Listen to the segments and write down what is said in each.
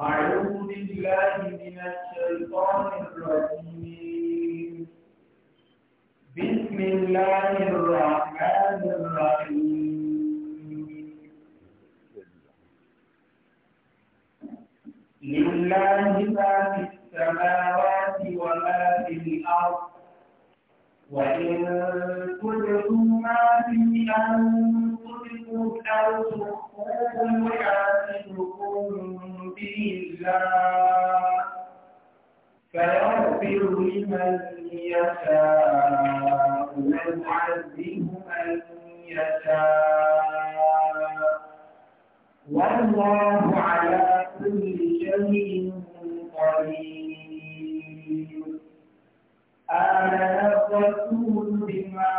أعوذ بالله من الشيطان الرجيم بسم الله الرحمن الرحيم لله ما في السماوات وما في الأرض وإن تدعوا ما في أنفسكم أو تخفوه يحاسبكم بالله فيغفر لمن يشاء ويعذب من يشاء والله على كل شيء قدير آمن الرسول بما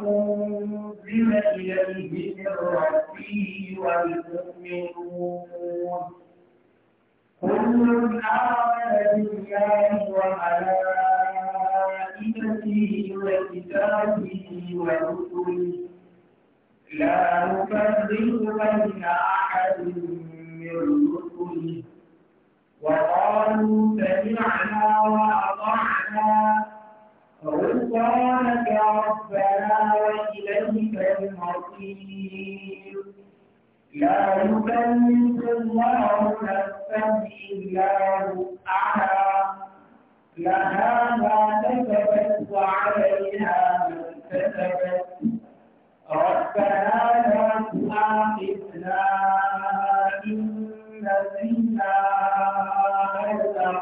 أنزل إليه من ربه والمؤمنون كل آمن بالله وملائكته وكتابه ورسله لا نفرق بين أحد من رسله وقالوا سمعنا وأطعنا غفرانك ربنا وإليك المصير لا يكلف الله نفسا إلا وسعها لها ما كسبت وعليها ما اكتسبت ربنا لا تؤاخذنا إن نسينا أو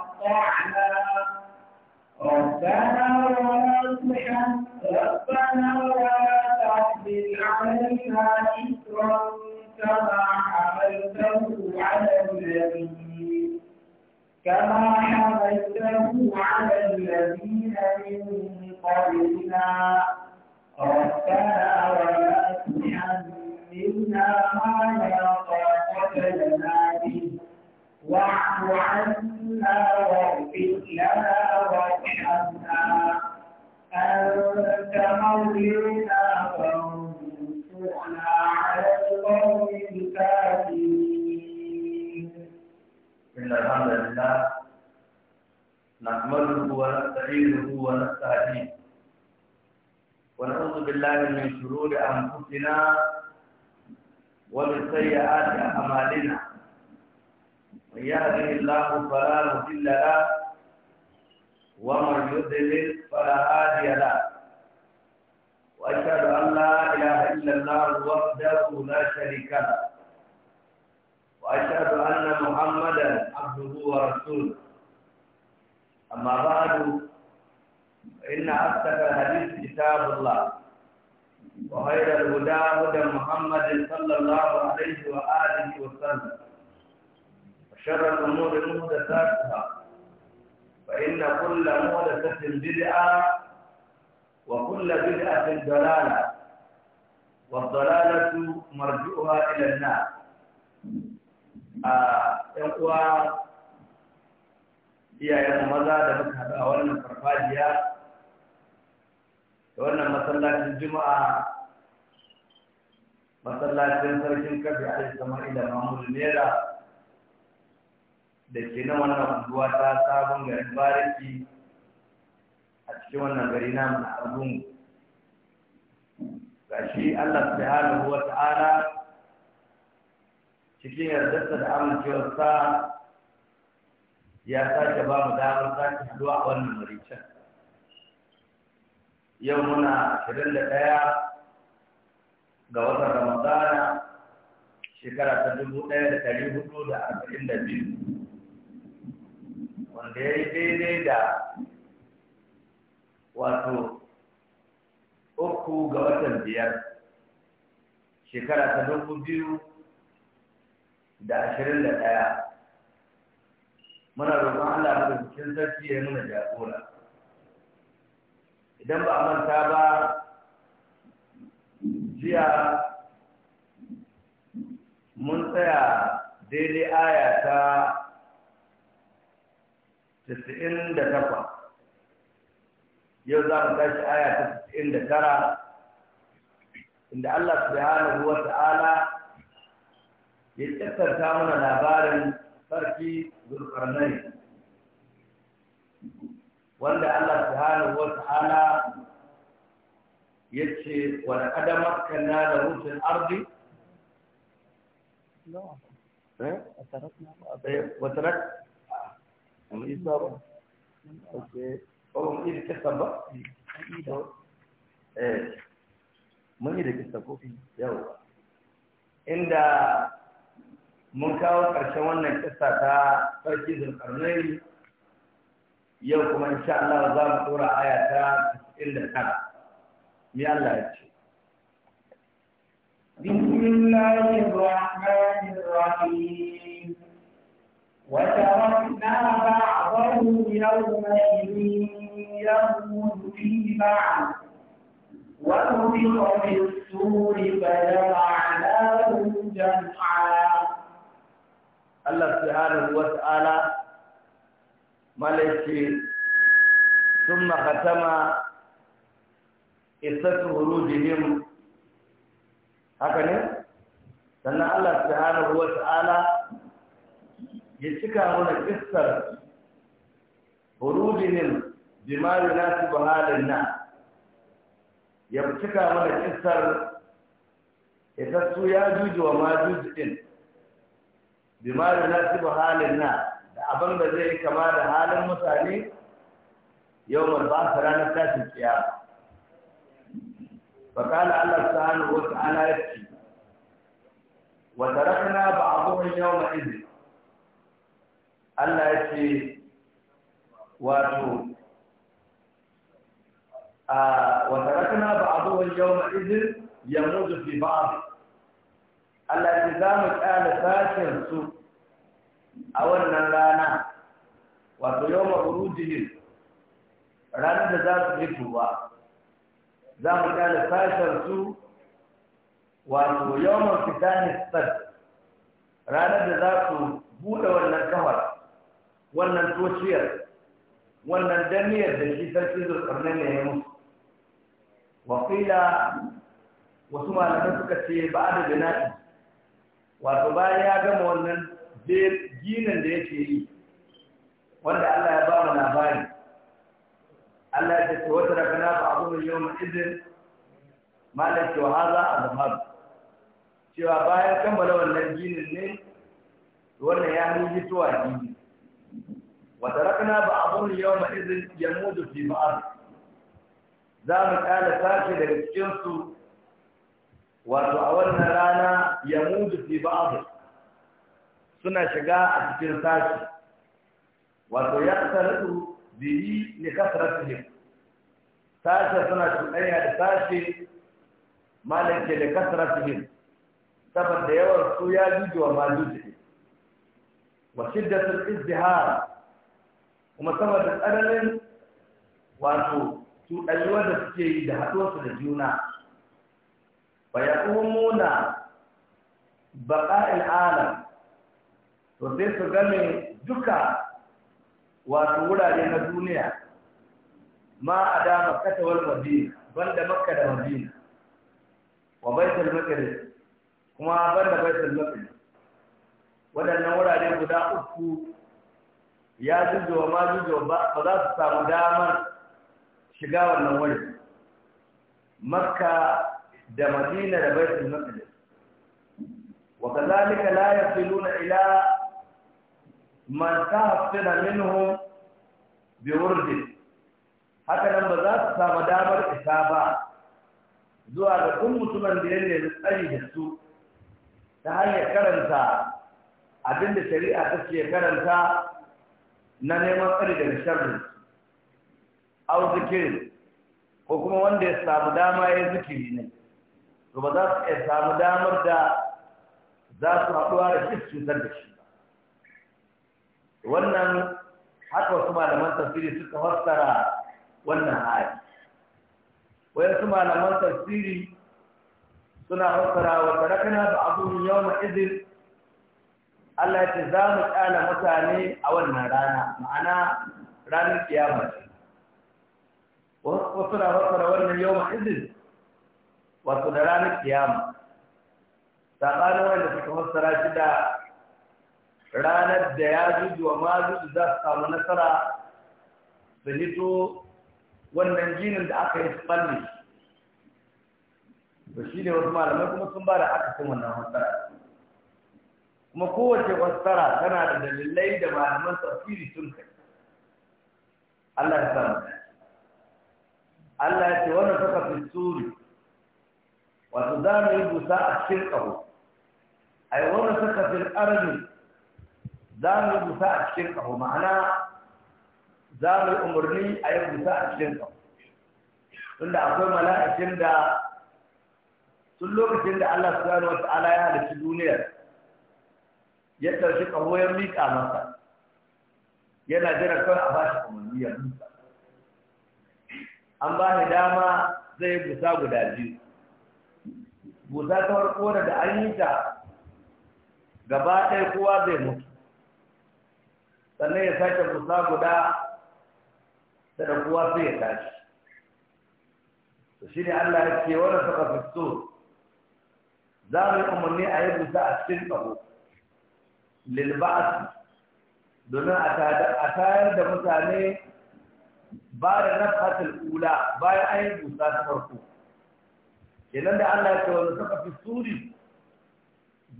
ربنا ولا تحمل ربنا ولا تحمل علينا اثرا كما حملته على الذين كما حملته على الذين من قبلنا ربنا ولا تحملنا ما لا طاقة لنا به واعف عنا واغفر لنا وارحمنا أنت مولانا فانصرنا إن الحمد لله نحمده ونستعينه ونستهديه ونعوذ بالله من شرور أنفسنا ومن سيئات أعمالنا من يهده الله فلا مضل له ومن يضلل فلا هادي له وأشهد أن لا النار وحده لا شريك له وأشهد أن محمدا عبده ورسوله أما بعد فإن أصدق الحديث كتاب الله وخير الهدى هدى محمد صلى الله عليه وآله وسلم وشر الأمور محدثاتها فإن كل محدثة بدعة وكل بدعة ضلالة والضلالة مرجوها إلى النار يقوى iyayen maza da muka haɗu a wannan farfajiya da wannan masallacin juma'a masallacin sarkin kafi a isma'ila mahmud nera da ke na wannan unguwa ta sabon garin bariki a cikin wannan gari na mana argungu gashi Allah subhanahu wa ta'ala cikin yardarsa da amincewarsa ya sake ba mu damar sake haduwa a wannan maricin yau muna ashirin da ɗaya ga watan ramadana shekara ta dubu ɗaya da ɗari hudu da arba'in da biyu wanda ya yi daidai da wato uku ga watan biyar shekara ta dubu biyu da ashirin da ɗaya muna roƙon Allah da cikin sarki ya nuna jagora idan ba a manta ba jiya mun tsaya daidai aya ta 98 yau za mu tashi aya ta cikin da tara inda Allah subhanahu wa ta'ala ya tattanta mana labarin sarki zulkarnai wanda Allah subhanahu wa ta'ala ya ce wa laqad makkanna lahu fil ardi وتركنا eh? ba mun yi da kistan ba eh mun yi da kistan ko yawa inda mun kawo ƙarshen wannan kisa ta sarki zulkarnaini yau kuma insha Allah za mu tura aya ta 99 mi Allah ya ce بسم الله الرحمن الرحيم وتركنا بعد قَالُوا يَوْمَ يَمُوتُ فِيهِ وَنُفِخَ فِي الصُّورِ فَجَمَعْنَاهُمْ جَمْعًا Allah subhanahu wa ta'ala malaki thumma khatama isatu hurujihim haka ne sannan Allah subhanahu wa ta'ala ya cika mana kissar na su ba halin na ya cika mana kisar ita su ya juji wa ma juji din su ba halin na da abin da zai kama da halin mutane yau ba su ranar tashin kiyama فقال الله سبحانه وتعالى يبكي وتركنا بعضهم يومئذ الله يبكي wato a abubuwan ba'dhu na yawma idh yamudu fi ba'd Allah ya zama kana sashen su a wannan rana wato yawma jihin ranar da za su fito ba za mu kana sashen su wato fita fitani sad ranar da za su buɗe wannan kawar wannan toshiyar wannan damiyar da shi sarki zurkarnin ne ya musu wakila wasu malamai suka ce ba da binaɗi wato bayan ya gama wannan ginin da yake yi wanda Allah ya ba mu labari Allah ya ce wata daga na ba abu mai izin ma'izin wa haza a zamar cewa bayan kammala wannan ginin ne wannan ya hanyar fitowa gini وتركنا بعضهم يوم إذن يموت في بعض ذلك قال فاشل الجنس وتعولنا لنا يموت في بعض سنة شقاء الجنسات وتيأثرت به لكثرتهم ساشة سنة شقاء الساشة مالك لكثرتهم سبب ديوان سويا جوجو ما جوجو وشدة الازدهار kuma saboda tsananin wato cuɗanyuwar da suke yi da haɗuwarsu da juna ba ya umuna baƙa'in alam to sai su game duka wato wurare na duniya ma a da makatawar madina banda makka da madina wa baitul maqdis kuma banda baitul maqdis waɗannan wurare guda uku ya wa ma zuzo ba za su samu damar shiga wannan wani makka da madina da baitul maqdis wa kadhalika la yaqiluna ila man tahsana minhum bi wurdi haka nan ba za su samu damar isa ba zuwa ga kun mutumin da ya nemi tsari da su ta hanyar karanta abinda shari'a ta ce karanta na neman tsari daga sharri au zikirin ko kuma wanda ya samu dama ya zikiri ne to ba za su iya samu damar da za su haɗuwa da shi cutar da shi ba wannan haka wasu malaman tafsiri suka fassara wannan hali wayansu malaman tafsiri suna fassara wa tarakana da abubuwan yawma idin Allah ya ce za mu kyala mutane a wannan rana ma'ana ranar kiyama ce wasu na fassara wannan yau ma'izin wato da ranar kiyama tsakanin wanda suka fassara shi da ranar da ya zuji wa ma zuji za su samu nasara su hito wannan ginin da aka yi tsalle to shi ne wasu malamai kuma sun ba da aka cin wannan fassara kuma kowace wasara tana da dalilai da malaman tafsiri sun kai Allah ya samu Allah ya ce wannan saka fi suri wato za mu yi busa a cikin ƙaho ai wannan saka fi arzi za mu yi busa a cikin ƙaho ma'ana za mu yi umarni a yi busa a cikin ƙaho tunda akwai mala'ikin da sun lokacin da Allah subhanahu wa ta'ala ya halitta duniyar ya tashi kawo ya miƙa masa yana jira kawai a bashi umarni ya musa an ba ni dama zai busa guda biyu busa ta farko da an yi ta gaba ɗaya kowa zai mutu sannan ya sake busa guda da kowa sai ya tashi to shi ne Allah ya ce wanda suka fito za mu yi umarni a yi busa a cikin ƙaho lilba'as domin a tayar da mutane ba da nafatul ula bayan an yi busa ta farko kenan da Allah ya ce wanda suka fi suri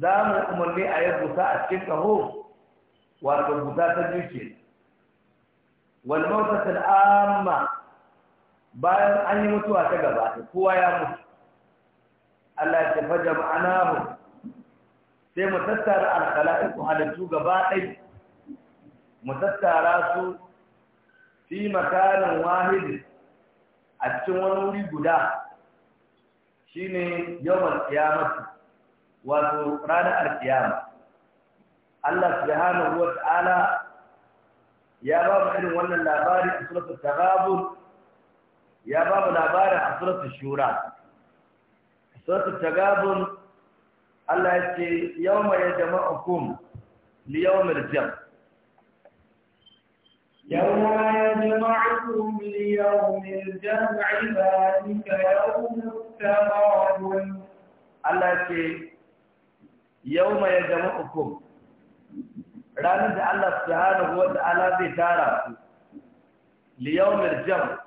za mu umarni a yi busa a cikin kaho wato busa ta jirgin wal mautatul amma bayan an yi mutuwa ta gaba kowa ya mutu Allah ya ce jama'anahu sai mu tattara alkhala'iku halittu gaba ɗai mu tattara su fi makarin wahidi a cikin wani wuri guda shine yawan kiyamati wato ranar alkiyama Allah subhanahu wa ta'ala ya ba mu irin wannan labari a suratul taghabun ya ba mu labarin a suratul shura suratul tagabun Allah ya ce yau mai ya jama'a kum mai jam. yau mai ya jama'a kum liyau mirjam ibadika yau mutamawun Allah ya ce yau mai ya jama'a kum ranar da Allah su hana wata ala zai tara su mai jam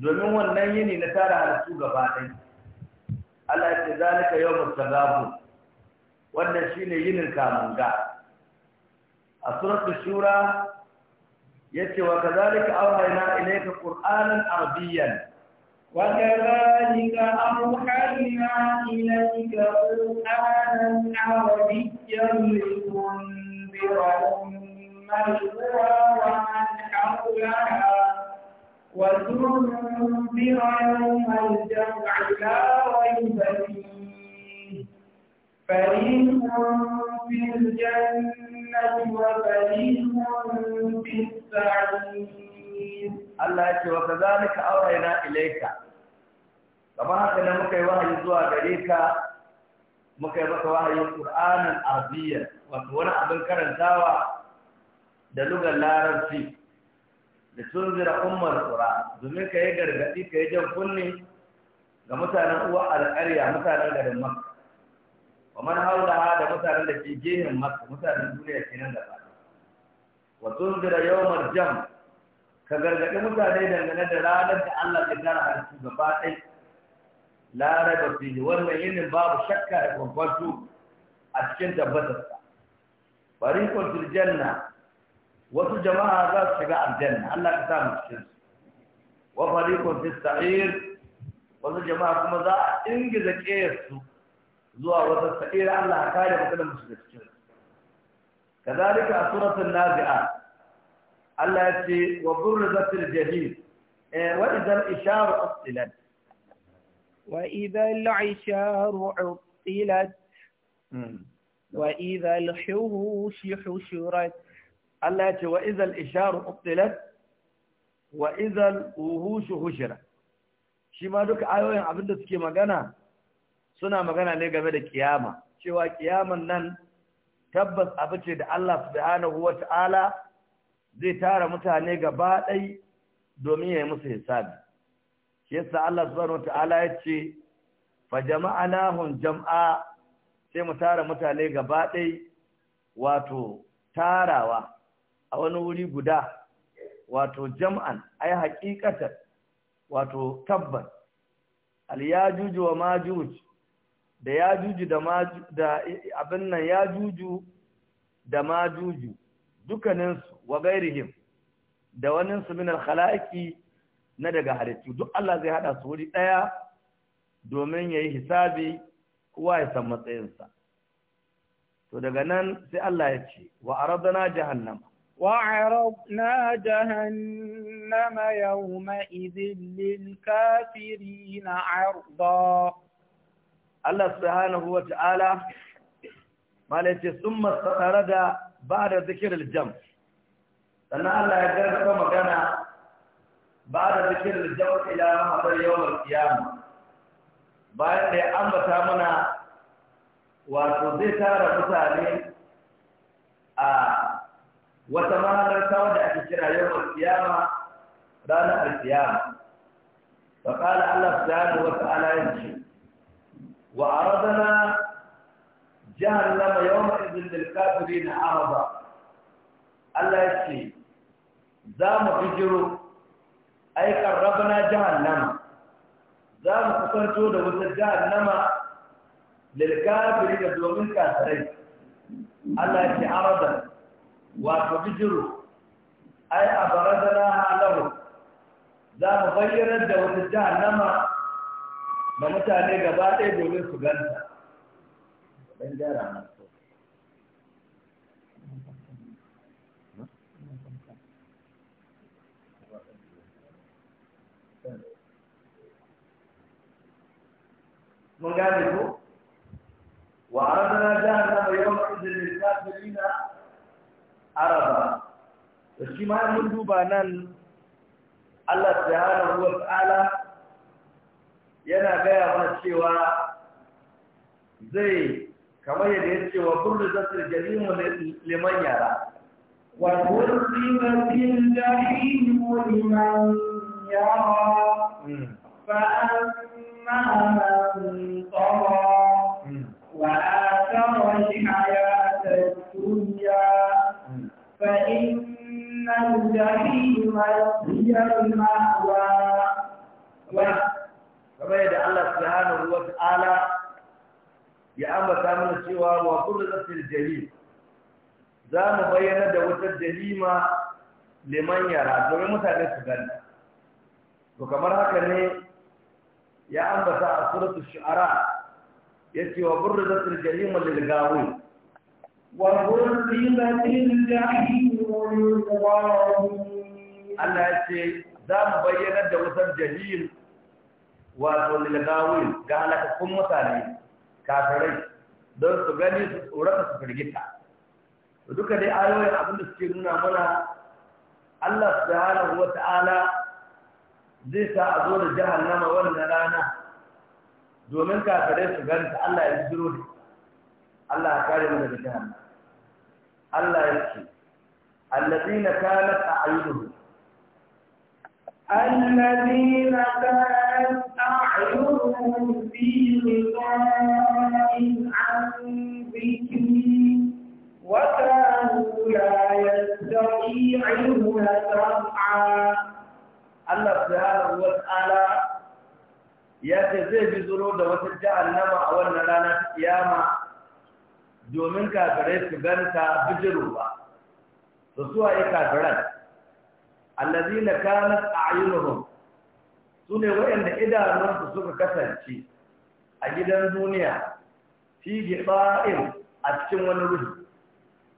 domin wannan yini na tara halittu gaba ɗaya Allah ya ce zalika wanda tagabun wannan shine yinin kamunga a suratu shura yace wa kadhalika awhayna ilayka qur'anan arabiyyan wa kadhalika awhayna ilayka qur'anan arabiyyan litunzira ummal qura wa man وتنذر يوم الجمع لا ريب فيه فريق في الجنة وفريق في السعير الله يقول وكذلك أوحينا إليك kamar haka ne muka yi wahayi zuwa gare ka muka yi maka wahayin Qur'anin Arabiyya wato wani abin karantawa da lugar Larabci da tunzira umar kura domin ka yi gargadi ka yi jan kunne ga mutanen uwa al'arya mutanen garin makka wa man ha da mutanen da ke gehen makka mutanen duniya kenan da ba wa tunzira yawmal jam ka gargadi mutane dangane da ranar da Allah ke tara halittu gaba ɗai la da fili wannan yinin babu shakka da kwankwanto a cikin tabbatar sa fariqul fil janna wasu jama'a za su shiga aljanna Allah ka sa mu cikin su wa fariqun fi sa'ir wasu jama'a kuma za a ingiza kiyarsu zuwa wata sa'ira Allah ka kare mu da mu shiga su kadalika a suratul nazi'a Allah ya ce wa burrizatil jahim wa idza al-isharu ustilat وإذا العشار عطلت وإذا الحوش حشرت Allah ya ce wa izal isharu ubtilat wa izal wuhushu hushira shi ma duka ayoyin abinda suke magana suna magana ne game da kiyama cewa kiyaman nan tabbas abu ce da Allah subhanahu wata'ala zai tara mutane gaba ɗai domin ya yi musu hisabi shi yasa Allah subhanahu wata'ala ya ce fa jama'anahum jam'a sai mu tara mutane gaba ɗai wato tarawa a wani wuri guda wato jam'an ay haqiqatan wato tabban al yajuju wa majuj da yajuju da da abin nan yajuju da majuju dukanin su wa gairihim da wannan su min al khalaiqi na daga halittu duk Allah zai hada su wuri daya domin yayi hisabi kowa ya san matsayinsa to daga nan sai Allah ya ce wa aradana jahannama وعرضنا جهنم يومئذ للكافرين عرضا الله سبحانه وتعالى ما ليس ثم استطرد بعد ذكر الجمع سنة الله يجرد مكانا بعد ذكر الجمع إلى محضر يوم القيامة بعد أن بتامنا وتزيتار متعلم آه wata ranar ta wanda ake kira yau alkiyama ranar alkiyama Ba qala Allah subhanahu wa ta'ala yace wa aradna jahannama yawma idhil lil na arada Allah ce za mu aikar ai jihar jahannama za mu kusanto da wata wutar jahannama lil kafirin domin kafirai Allah yace arada wato bijiro ai a baradana halawa za mu bayyana da wata jahannama da mutane gaba ɗaya domin su ganta ɗan gyara mun gane ko jahannama yawan izinin kafirina araba da shi ma mun duba nan Allah subhanahu wa ta'ala yana gaya mana cewa zai kamar yadda ya ce wa kullu zasir jahimu liman yara wa kursimatil jahimu liman yara hmm. fa amma man tawalla فإن الجحيم هي المأوى kamar yadda Allah subhanahu wa ta'ala ya ambata mana cewa wa kullu zafir jahim za mu bayyana da wutar jahima liman yara domin mutane su gani to kamar haka ne ya ambata a suratu shu'ara yace wa burrizatil jahim lil gawin Allah الجحيم للغاوين الله يسي ذا مبينة دوسر جهيل wato lilgawin ga halakakkun mutane kafirai don su gani su tsorata su firgita duka dai ayoyin abin da suke nuna mana Allah subhanahu wa ta'ala zai sa a zo da jihar jahannama wannan rana domin kafirai su ganta Allah ya jiro da Allah ya kare mu daga jahannama الله يبكي الذين كانت أعينهم الذين كانت أعينهم في غناء عن ذكري وكانوا لا يستطيعون سمعا الله سبحانه وتعالى يتزيه بزرور وتجعل نمع والنلانة قيامة domin kakarai su ganta ba su suwa ya kafiran allazi na kanat a ayyunuhun su ne waɗanda idanunsu suka kasance a gidan duniya fi giba'in a cikin wani ruhi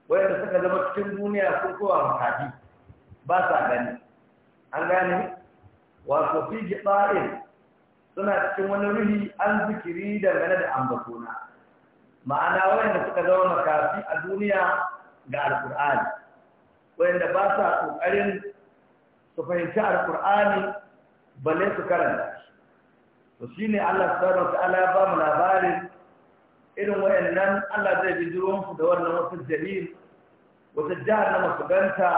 wayanda suka zama cikin duniya sun kowa makaji ba sa gani an gane wato fi giba'in suna cikin wani ruhi an zikiri dangane da ambatona ma'ana wanda suka zama makafi a duniya ga alkur'ani wanda ba sa kokarin su fahimci alkur'ani balle su karanta to shine Allah subhanahu wataala ya ba mu labarin irin wayannan Allah zai bi muku da wannan wasu jalil wata na na ganta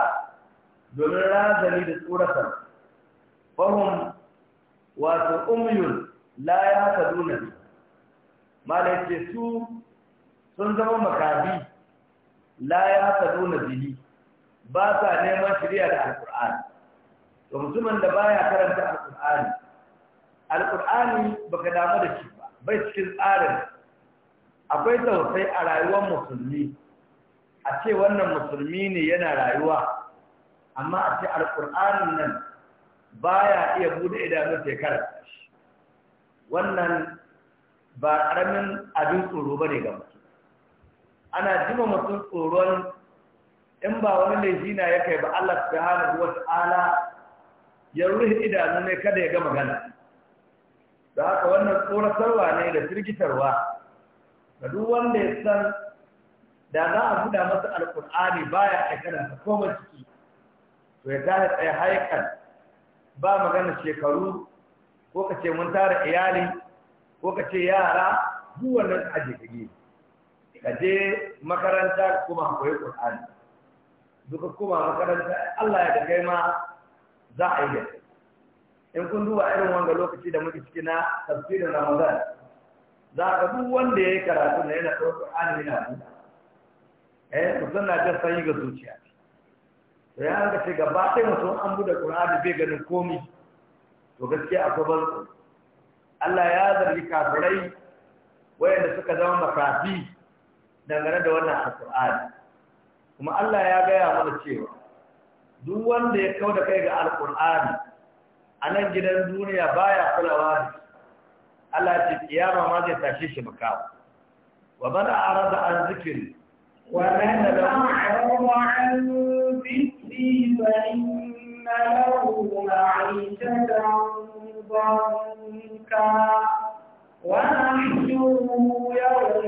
domin razani da tsoratar fahim wato umyun la ya ta duna sun zama makabi la ya ta zo na ba sa neman shirya da alkur'ani to mutumin da baya karanta alkur'ani alƙur'ani baka damu da shi ba bai cikin tsarin akwai tausai a rayuwar musulmi a ce wannan musulmi ne yana rayuwa amma a ce alkur'ani nan baya iya buɗe idanun shekarar wannan ba ƙaramin abin tsoro ba ne ga mutum ana jima mutum tsoron in ba wani laifi na ya kai ba Allah subhanahu wa ta'ala ya ruhi idanu ne kada ya ga magana da haka wannan tsoratarwa ne da firgitarwa ga duk wanda ya san da za a guda masa alƙur'ani baya aikata ta koma ciki to ya tare tsaye haikan ba magana shekaru ko ka ce mun tara iyali ko ka ce yara duk wannan ka gina. ka je makaranta kuma koyi Qur'ani duka kuma makaranta Allah ya kai ma za a yi in kun duba irin wanga lokaci da muke ciki na tafsirin Ramadan za ka duk wanda ya yi karatu na yana ɗaukar Qur'ani yana buɗa eh mutum na jin sanyi ga zuciya to ya ga ce gaba sai mutum an buɗe Qur'ani bai ganin komi to gaskiya akwai ban Allah ya zargi kafirai wayanda suka zama makafi dangane da wannan alƙur'ani kuma Allah ya gaya mana cewa duk wanda ya kauda kai ga alƙur'ani a nan gidan duniya baya kulawa da Allah ce kiyama ma zai tashe shi makawa wa bana arada an zikiri wa man arada an zikiri fa inna lahu ma'ishatan banka ونحشره يوم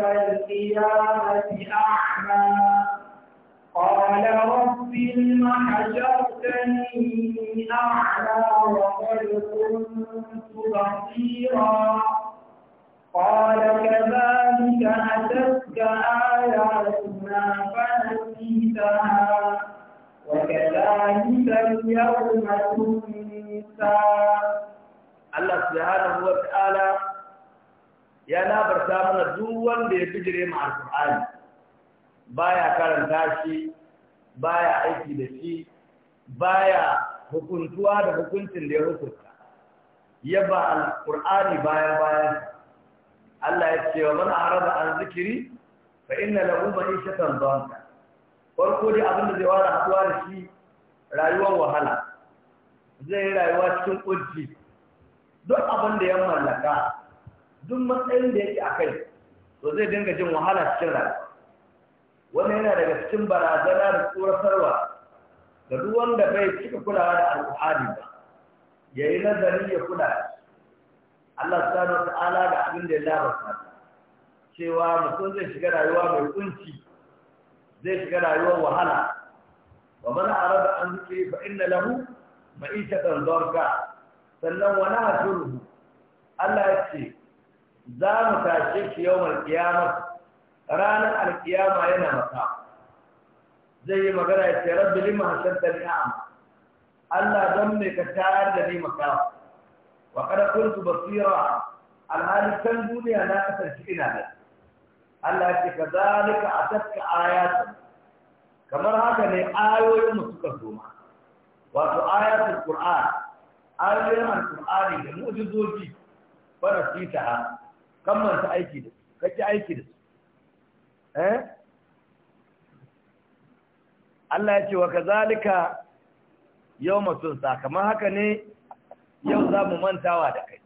القيامة أعمى قال رب لم حشرتني أعلى وقد كنت بصيرا قال كذلك أتتك آياتنا فنسيتها وكذلك اليوم تنسى الله سبحانه وتعالى ya labarta mana duk wanda ya bijire ma alƙur'ani baya karanta shi baya aiki da shi baya hukuntuwa da hukuncin da ya hukunta ya ba alƙur'ani baya baya Allah ya ce wa man arada an zikiri fa inna lahu ma'ishatan dhanka farko dai abin da zai wara haɗuwa da shi rayuwar wahala zai yi rayuwa cikin kunci duk abin da ya mallaka duk matsayin da yake a kai to zai dinga jin wahala cikin rayuwa wannan yana daga cikin barazana da tsoratarwa da duk wanda bai cika kulawa da alƙur'ani ba ya yi nazari ya kula Allah subhanahu wa ta'ala ga abin da ya labarta cewa mutum zai shiga rayuwa mai kunci zai shiga rayuwar wahala wa man arada an zuke fa inna lahu ma'ishatan dharka sannan wa nahshuruhu Allah ya ce za mu tashe shi yawon alkiyama ranar alkiyama yana maka zai yi magana ya ce rabbi lima da ni a'am Allah don me ka tayar da ni maka wa kada kuntu basira alhali kan duniya na kasance ina da Allah ya ce kazalika atatka ayatu kamar haka ne ayoyin mu suka zo wato ayatul qur'an ayoyin alqur'ani da mu'jizoji wa nasitaha kammanta aiki da su kaki aiki da su eh Allah ya ce wa kazalika yawma tunsa kamar haka ne yau za mu mantawa da kai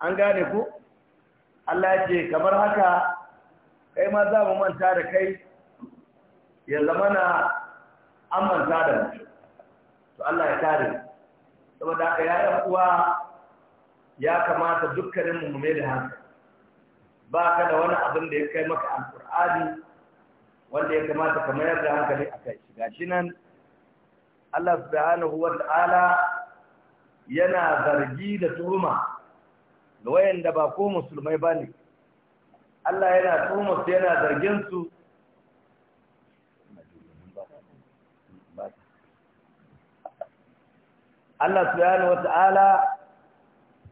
an gane ku Allah ya ce kamar haka kai ma za mu manta da kai ya zama na an manta da mu to Allah ya kare saboda haka ya yi uwa ya kamata dukkanin mu mai da hankali ba ka da wani abin da ya kai maka alkur'ani wanda ya kamata ka mayar da hankali a kai shiga shi nan Allah subhanahu wa ta'ala yana zargi da tuhuma da wayanda ba ko musulmai ba ne Allah yana tuhuma su yana zargin su Allah subhanahu wa ta'ala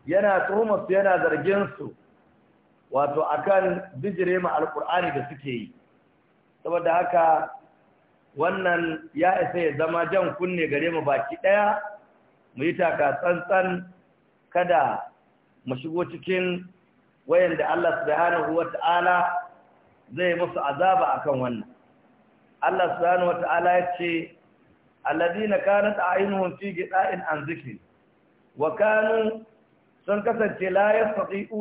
yana tuhumar su yana zarginsu, wato akan bijire ma alkur'ani da suke yi saboda haka wannan ya isa ya zama jan kunne gare mu baki daya mu yi taka tsantsan kada mu shigo cikin da Allah subhanahu wata'ala zai musu azaba akan wannan Allah subhanahu wata'ala ya ce alladhina kanat a'yunuhum fi gida'in an zikri wa kanu sun kasance la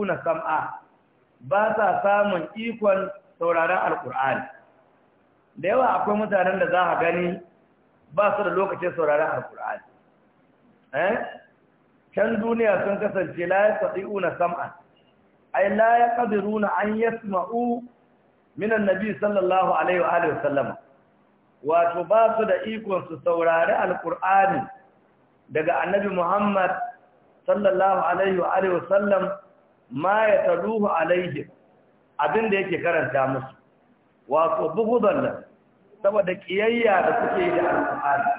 na sam'a ba sa samun ikon sauraron alkur'ani da yawa akwai mutanen da za a gani ba su da lokacin sauraron alkur'ani eh can duniya sun kasance la na sam'a Ai la yaqdiruna an sma'u Minan nabi sallallahu alaihi wa alaihi wasallama wato ba su da ikon su saurari alkur'ani daga annabi Muhammad sallallahu alaihi wa alihi wasallam ma ya taluhu alaihi abin da yake karanta musu wato bugudan nan saboda kiyayya da suke yi da alƙur'ani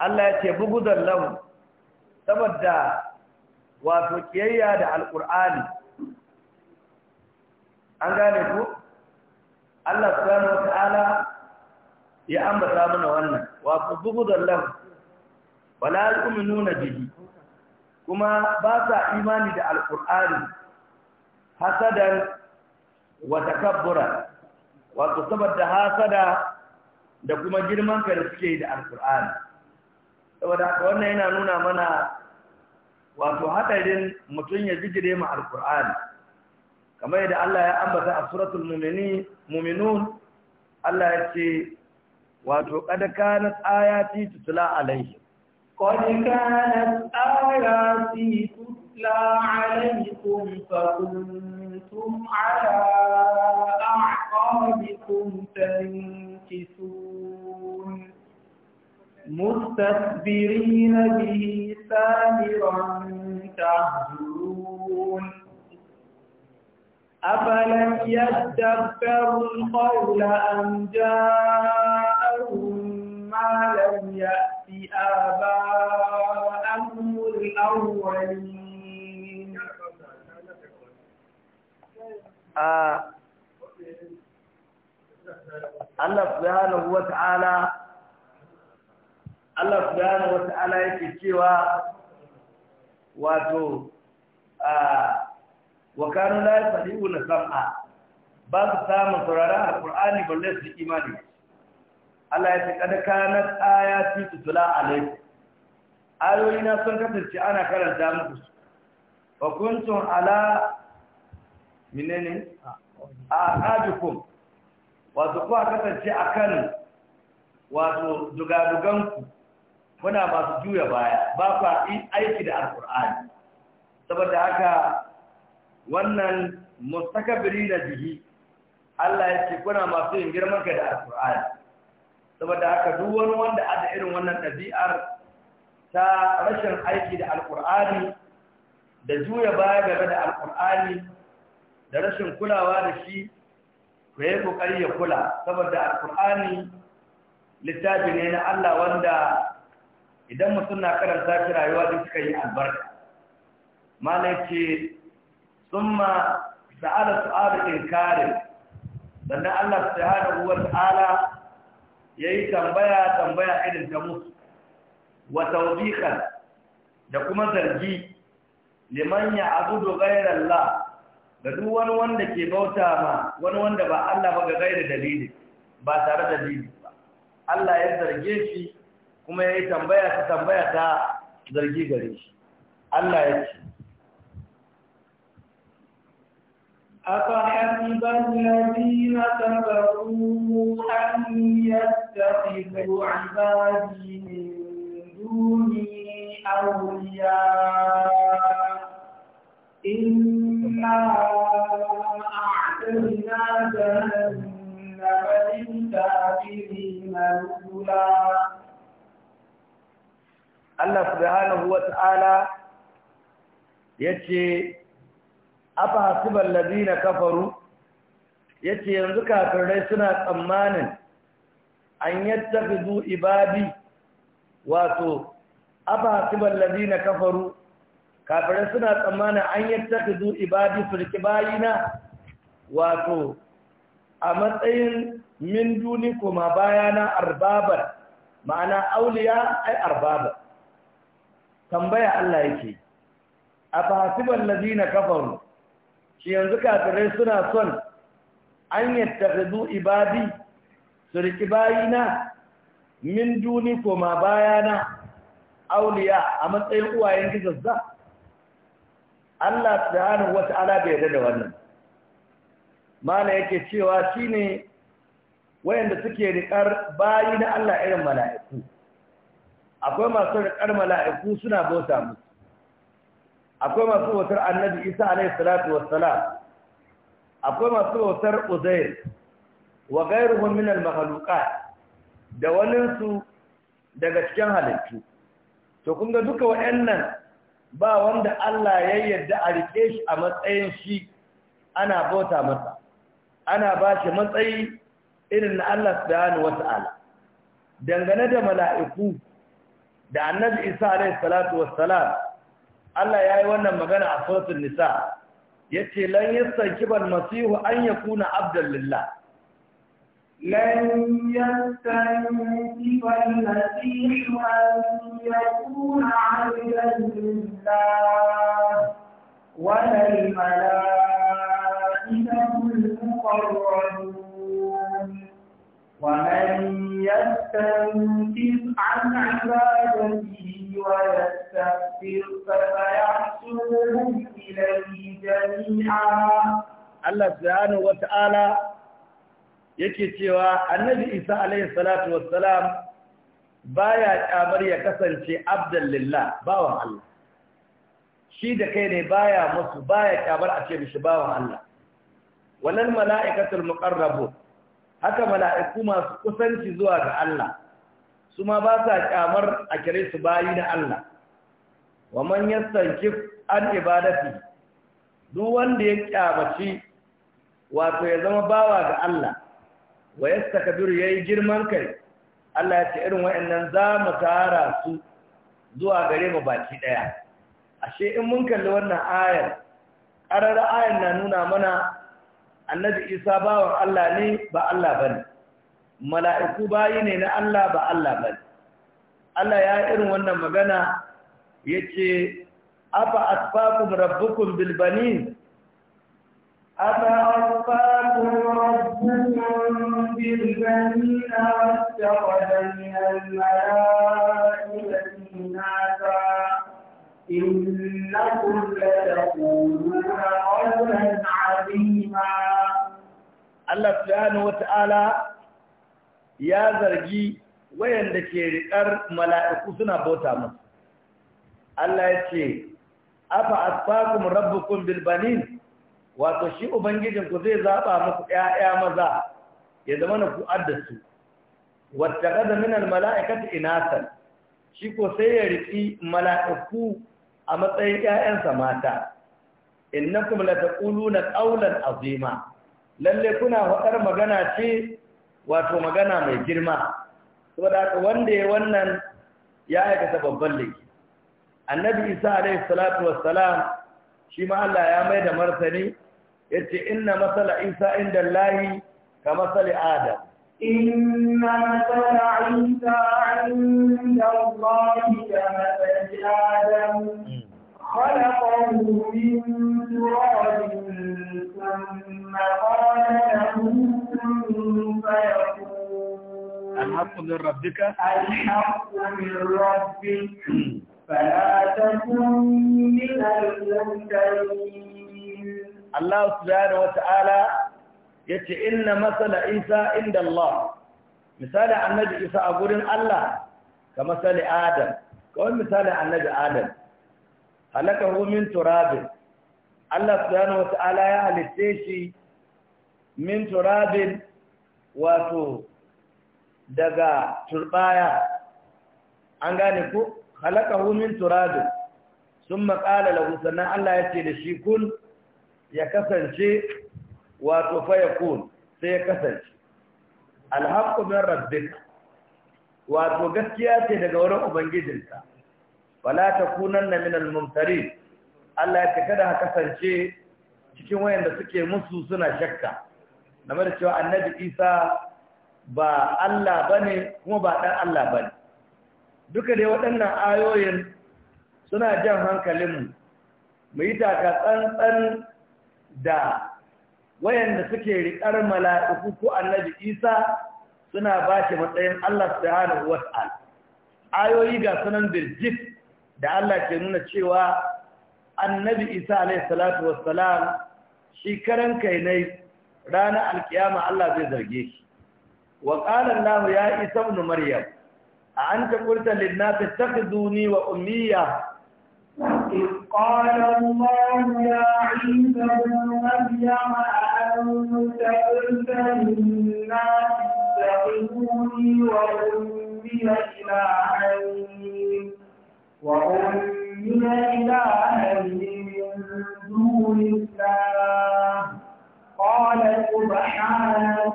Allah ya ce bugudan lahu saboda wato kiyayya da alƙur'ani an gane ku Allah subhanahu wa ta'ala ya ambata mana wannan wa fuzuhudan lahu wala yu'minuna bihi kuma ba sa imani da alqur'ani hasadan wa takabbura wato saboda hasada da kuma girman ka da suke da alqur'ani saboda wannan yana nuna mana wato hadarin mutun ya jigire mu alqur'ani kamar yadda Allah ya ambata a suratul mu'minun Allah ya ce wato kada kanat ayati tutla alaihi qad kanat ayati tutla alaikum fa kuntum ala a'qabikum tankisun مستكبرين به سامرا تهجرون أفلم يدبروا القول أم جاءوا ما لم يأت آباءهم الأولين Allah subhanahu wata'ala Allah subhanahu wata'ala yake cewa wato wa kanu la na sam'a ba su samun sauraron alqur'ani balle su imani Allah ya ce kada kanat ayati tutula alaykum ayoyi na sun kasance ana karanta muku su fa kuntum ala minene a ajukum wato ku kasance akan wato dugaduganku kuna masu juya baya ba ku aiki da alkur'ani saboda haka wannan mustakabiri da jihi Allah ya ce kuna masu yin girman ka da alkur'ani saboda haka duk wani wanda ada irin wannan ɗabi'ar ta rashin aiki da alƙur'ani da juya baya game da alƙur'ani da rashin kulawa da shi ku yi ƙoƙari ya kula saboda alƙur'ani littafi ne na Allah wanda idan mutum na karanta shi rayuwa duk suka yi albarka malai ce summa sa'ala in inkarin sannan Allah subhanahu wa ta'ala yayi tambaya tambaya irin ta musu wa tawbiqan da kuma zargi liman ya'budu ghayra Allah da duk wani wanda ke bauta ma wani wanda ba Allah ba ga gaira dalili ba tare da dalili ba Allah ya zarge shi kuma yayi tambaya ta tambaya ta zargi gare shi Allah ya ce أفحسب الذين كفروا أن يتخذوا عبادي من دوني أولياء إنا أعتدنا جهنم للكافرين نزلا Allah subhanahu wa ta'ala ya ce afa hasiban ladina kafaru yace yanzu kafirai suna tsammanin an yattakhidhu ibadi wato afa hasiban ladina kafaru kafirai suna tsammanin an yattakhidhu ibadi bayina wato a matsayin min duni kuma bayana arbabar ma'ana auliya ai arbabar tambaya Allah yake a fasiban lazina kafaru shi yanzu kafirai suna son an yattakhidhu ibadi su riki bayina min duni koma bayana auliya a matsayin uwayen gizazza Allah wata ala bai yarda da wannan mana yake cewa shi ne wayanda suke riƙar bayi na Allah irin mala'iku akwai masu riƙar mala'iku suna bauta musu akwai masu wutar annabi isa alaihi salatu wassalam akwai masu wutar uzair wa ghayruhum min al-makhluqat da waninsu daga cikin halittu to kun ga duka nan, ba wanda Allah ya yarda a rike shi a matsayin shi ana bauta masa ana ba shi matsayi irin na Allah subhanahu wata'ala dangane da mala'iku da annabi Isa alayhi salatu wassalam Allah ya yi wannan magana a sautin nisa ya ce lan yi sankiban an ya kuna abdal lillah lan yi sankiban masihu an ya kuna abdal lillah wannan mala ومن يستنكف عن عبادته ويستكبر فسيحشرهم إليه جميعا Allah subhanahu wata'ala yake cewa Annabi Isa alayhi salatu wassalam baya kamar ya kasance abdan lillah bawan Allah shi da kai ne baya musu baya kamar a ce mishi bawan Allah walal mala'ikatul muqarrabun haka mala'iku masu kusanci zuwa ga Allah su ma ba sa kyamar a kire su bayi na Allah wa man yastanki an ibadati duk wanda ya kyabaci wato ya zama bawa ga Allah wa yastakbiru yayi girman kai Allah ya ce irin wa'annan za mu tara su zuwa gare mu baki daya ashe in mun kalli wannan ayar ƙarar ayar na nuna mana annabi Isa bawan Allah ne ba Allah bane mala'iku bayi ne na Allah ba Allah ba Allah ya irin wannan magana ya ce afa asfakum rabbukum bil banin afa asfakum rabbukum bil banin wastaqadani al malaikati nasa innakum la taquluna qawlan 'azima Allah subhanahu wa ta'ala ya zargi wayanda ke riƙar mala'iku suna bauta musu Allah ya ce afa asfakum rabbukum kun wato shi ubangijin ku zai zaɓa masu yaya maza ya zama na ku addasu wata gada al mala’ikata inasan shi ko sai ya riƙi mala'iku a matsayin 'ya'yansa mata innakum la na ƙaunar azima lalle kuna waɗar magana ce wato magana mai girma saboda haka wanda ya wannan ya aikata babban laifi annabi isa alaihi salatu wassalam shi ma Allah ya mai da martani ya yace inna matsala isa inda lahi ka masali adam inna masala isa inda allahi ka masali adam خلقه من تراب ثم قال له الحق من ربك الحق من ربك فلا تكن من المنكرين الله سبحانه وتعالى yace inna masala isa inda Allah misali annabi isa a gurin Allah ka masali adam kawai misali annabi adam halaka min turabin Allah subhanahu wa ta'ala ya halitta shi min turabin wato daga turbaya an gane ku halakahu min turabin sun maƙala lahu sannan Allah ya ce da shi kun ya kasance wato faya kun sai ya kasance alhaƙu min wato gaskiya ce daga wurin ubangijinka wala ta kunan na minal mumtari Allah ya ce kada ka kasance cikin wayanda suke musu suna shakka game da cewa annabi isa ba Allah ba ne kuma ba ɗan Allah ba ne duka dai waɗannan ayoyin suna jan hankalinmu mu yi taka tsantsan da wayanda suke riƙar mala'iku ko annabi isa suna ba shi matsayin Allah su hana wata'al ayoyi ga sunan birjif da Allah ke nuna cewa annabi isa alaihi salatu shi karan kai ranar alkiyama Allah zai zarge shi wa qala Allah ya isa ibn maryam a anta qulta lin nas tattakhizuni wa ummiya قال الله يا عيسى ابن مريم أأنت قلت للناس اتخذوني وأمي إلهين وأمي إلهين من دون الله قال سبحانك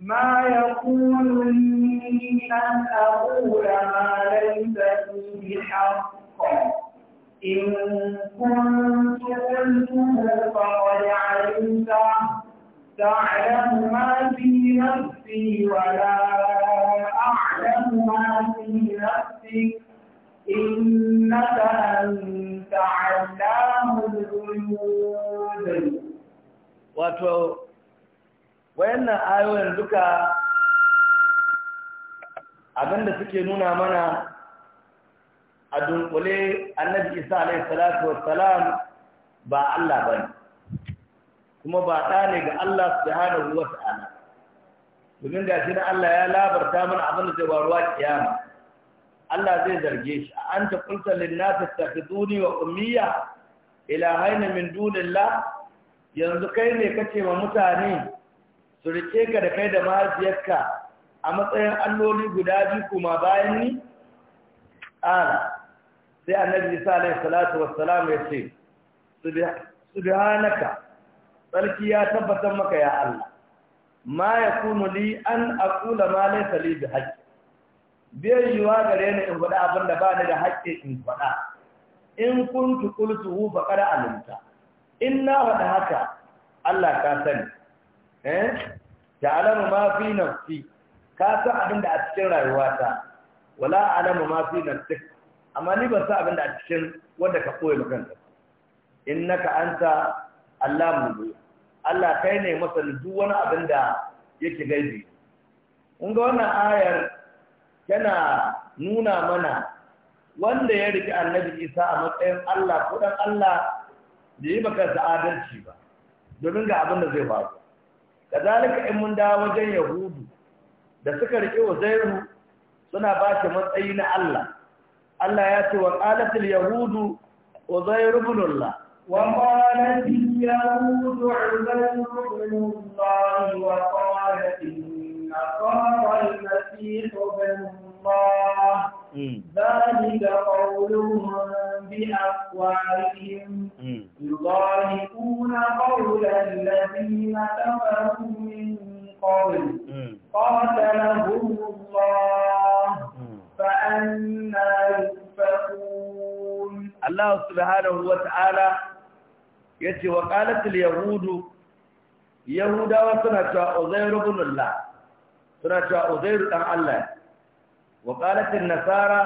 ما يكون لي أن أقول ما ليس فيه حق إن كنت قلته فقد علمته تعلم ما في نفسي ولا أعلم ما في نفسك إنك أنت علام الغيوب wato wayannan ayoyin duka abinda suke nuna mana a dunkule annabi isa alaihi salatu wassalam ba Allah bane kuma ba ɗa ne ga Allah subhanahu wa ta'ala domin ga shi na Allah ya labarta mana abin da zai waruwa kiyama Allah zai zarge shi a anta qulta lin nas tattakhiduni wa ummiya ilahaina min dunillah yanzu kai ne kace ma mutane su rike ka da kai da mahaifiyarka a matsayin alloli guda biyu kuma bayan ni ƙara sai annabi isa alaihi salatu wassalam ya ce subhanaka tsarki ya tabbatar maka ya Allah ma yakunu li an aqula ma laysa li haqq bai yiwa gare ni in faɗa abin da ba ni da haƙƙi in faɗa in kuntu qultuhu faqad alimta in na faɗa haka Allah ka sani eh ta'lamu ma fi nafsi ka san abin da a cikin rayuwata wala a'lamu ma fi nafsi amma ni ban san abin da a cikin wanda ka koyi na innaka anta allamul Allah kai ne masanin duk wani abin da yake gaibi kun ga wannan ayar yana nuna mana wanda ya riki annabi Isa a matsayin Allah ko dan Allah da yi da adalci ba domin ga abin da zai faru kazalika in mun dawo wajen yahudu da suka rike Zairu suna ba shi matsayi na Allah Allah ya ce wa qalatil yahudu wa zairu Allah wa qalatil yahudu uzairu wa qalatil nasara ذلك قولهم بأفواههم يضاهئون قول الذين كفروا من قبل قاتلهم الله فأنا يؤفكون الله سبحانه وتعالى yace wa qalatul yahudu yahudawa suna cewa uzairu ibn allah suna cewa uzairu dan allah وقالت النصارى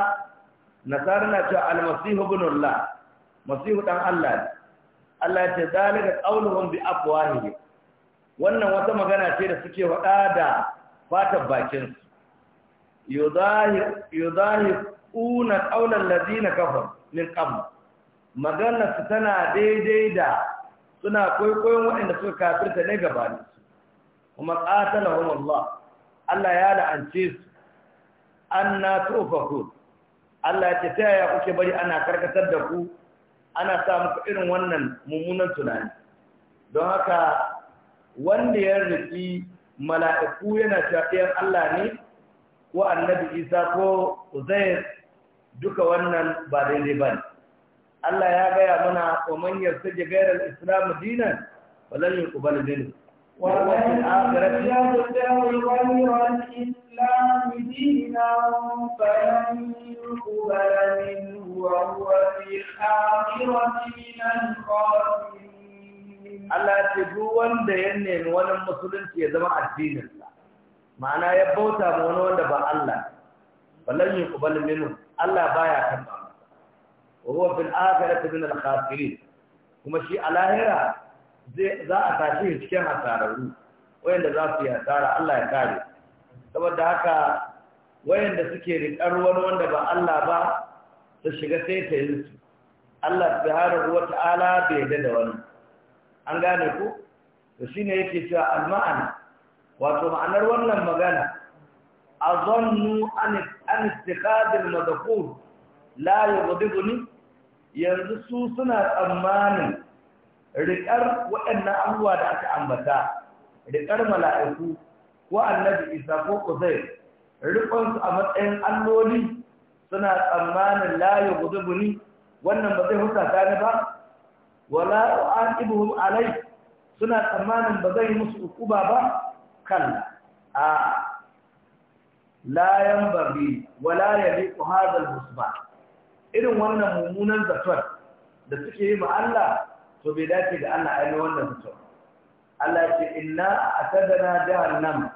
nasara nasara المسيح ابن الله مسيح دان Allah الله dan Allah Allah ya wannan wata magana ce da suke faɗa da fatan bakin su yudahir yudahir una qaulal ladina kafar min qabl magana su tana daidai da suna kwaikwayon waɗanda suka kafirta ne gabanin su kuma qatalahum Allah Allah ya la'ance su anna tufakun Allah ya ce ta yaya kuke bari ana karkatar da ku ana sa muku irin wannan mummunan tunani don haka wanda ya riki mala'iku yana shafiyar Allah ne ko annabi Isa ko Uzair duka wannan ba daidai ba ne Allah ya gaya mana wa man gairar ghayra al-islam dinan falan yuqbal ومن يبتغي غير الإسلام دينا فلن يقبل منه وهو في الآخرة من الخاسرين. Allah ce duk wanda ya nemi wani musulunci ya zama addinin. ma'ana ya bauta ma wani wanda ba Allah, ballan yi kubal minu, Allah baya kan ba masa. Wa huwa Kuma shi a lahira za a tashi cikin hasararru wayanda za su yi hasara Allah ya kare saboda haka wayanda suke riƙar wani wanda ba Allah ba su shiga sai ta yi su Allah subhanahu ta'ala bai yarda da wani an gane ku to shine yake cewa al wato ma'anar wannan magana azannu an an istiqad al-madhkur la yughdibuni yanzu su suna tsammanin riƙar waɗannan abubuwa da aka ambata riƙar mala'iku ko annabi isa ko kuzai riƙonsu a matsayin alloli suna tsammanin layo guzubuni wannan ba zai huta ni ba wala ibuhum alai suna tsammanin ba zai musu ukuba ba kan a la yanbaghi wala ku hadal musu musba irin wannan mummunan zaton da suke yi ma Allah to bai dace da Allah ainihin wannan mutum Allah ce inna atadana jahannam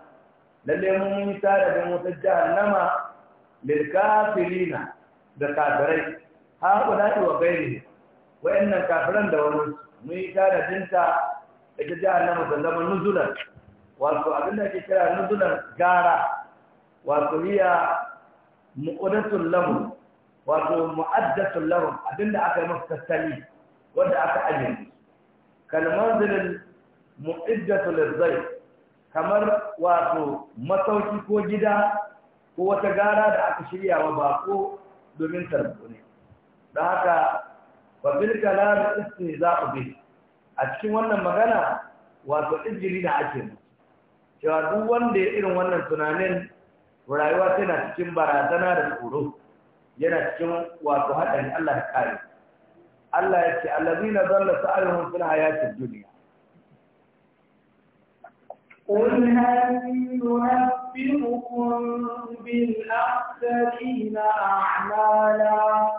lalle mun yi tare da wata jahannama lil kafirina da kafirai ha kula wa ne wayannan kafiran da wani mun yi tare dinta ita jahannama da zaman nuzulan wato abin da ake kira nuzulan gara wato hiya mu'udatul lahum wato mu'addatul abin da aka yi masa tattali wanda aka ajiye kalmanzilin mu'iddatu lizzai kamar wato masauki ko gida ko wata gara da aka shirya wa bako domin tarzo ne da haka fa bil kalam istihza'u bi a cikin wannan magana wato injiri na ake mu cewa duk wanda ya irin wannan tunanin rayuwa tana cikin barazana da tsoro yana cikin wato haɗari Allah ya kare الله يكي الذين ظل سألهم في الحياة الدنيا قل هل ننبئكم بالأحسنين أعمالا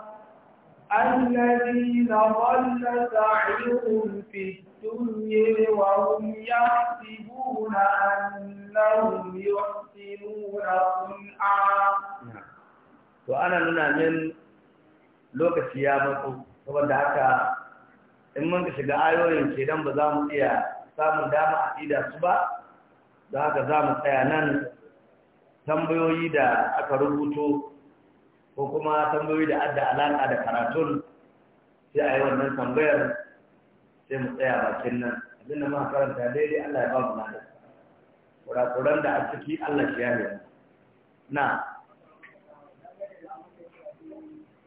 الذين ظل سعيهم في الدنيا وهم يحسبون أنهم يحسنون صنعا وأنا ننا من لوكسيا مقود saboda haka in mun ka shiga ayoyin ke don ba za mu iya samun dama a ida su ba za haka za mu tsaya nan tambayoyi da aka rubuto ko kuma tambayoyi da adda alaƙa da karatun sai a yi wannan tambayar sai mu tsaya bakin nan Abin da muka karanta daidai Allah ya ba mu kura-kuran da a ciki Allah shi ya na